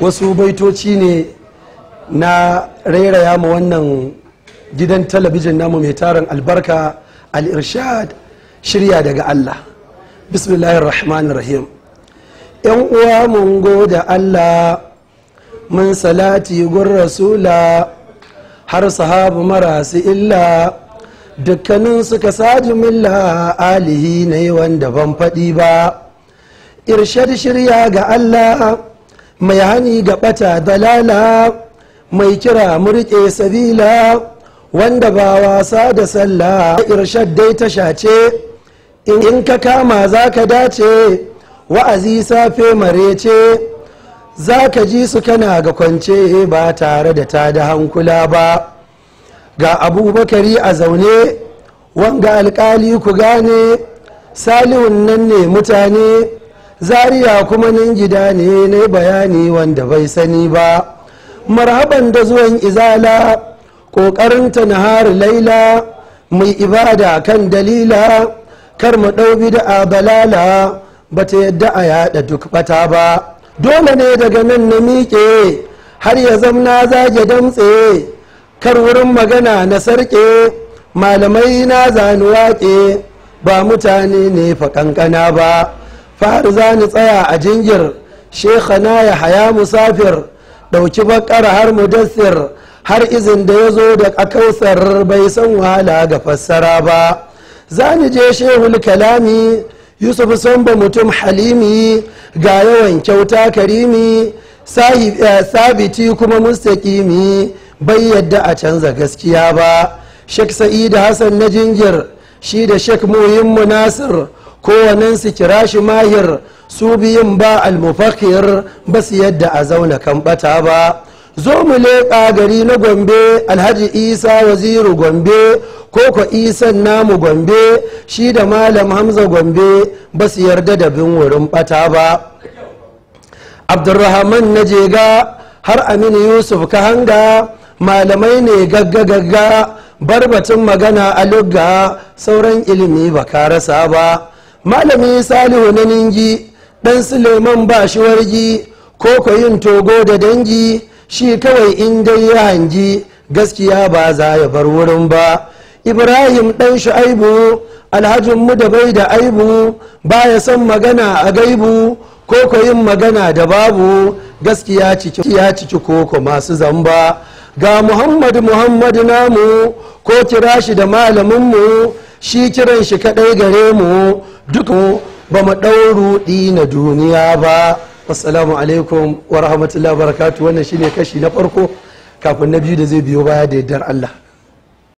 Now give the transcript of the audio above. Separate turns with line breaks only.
wasu baitoci ne na rairaya ma wannan gidan talabijin namu mai taron albarka al-irshad shirya daga Allah bismillahir rahmanir rahim yan uwa mun goda Allah mun salati gun rasula har sahabu marasi illa dukkanin suka saji milla alihi ne wanda ban faɗi ba irshad shirya ga Allah mai hani ga bata dalala mai kira murke sabila wanda ba wasa da sallah irshad dai ta shace in ka kama za ka dace wa'azi safe marece za ka ji su kana ga kwance ba tare da ta da hankula ba ga abubakari a zaune wanga alkali ku gane salihun nan ne mutane zaria kuma nan gida ne na bayani wanda bai sani ba marhaban da zuwan izala ƙoƙarinta na hari laila mai ibada kan dalila kar mu ɗau bid'a balala ba ta yadda a yaɗa duk ɓata ba dole ne daga nan na miƙe har ya zamna zage damtse kar wurin magana na sarƙe malamai na zanuwa ke ba mutane ne fa kankana ba fahar za ni tsaya a jingir shekhana ya haya musafir ɗauki bakar har mudassir har izin da ya zo da akausar bai san wahala ga fassara ba za ni je shehul kalami yusuf sanba mutum halimi ga yawan kyauta karimi eh, sabiti kuma mustaƙimi bai yadda a canza gaskiya ba shek sa'id hassan na jingir shi da shek muhimmu nasir. kowanensu kira shi mahir su biyun ba almufakir ba su yadda a zauna kan bata ba zo mu leƙa gari na gombe alhaji isa waziru gombe koko isan namu gombe shi da malam hamza gombe ba su yarda da bin wurin bata ba abdurrahman na jega har aminu yusuf ka hanga malamai ne gagga gagga batun magana a lugga sauran ilimi ba ka rasa ba malami salihu na ningi dan suleiman ba shi wargi ko yin togo da dangi shi kawai in dai ya hangi gaskiya ba za ya bar wurin ba ibrahim dan shu'aibu mu da bai da aibu ba ya son magana a gaibu ko yin magana da babu gaskiya ciki ya ciki koko masu zamba ga muhammad muhammadu namu ko kira shi da malaminmu shi kiran shi kadai gare mu duk mu ba mu ɗau dina na duniya ba assalamu alaikum wa rahmatullahi wa barakatu wannan shine kashi na farko kafin na biyu da zai biyo baya da yardar Allah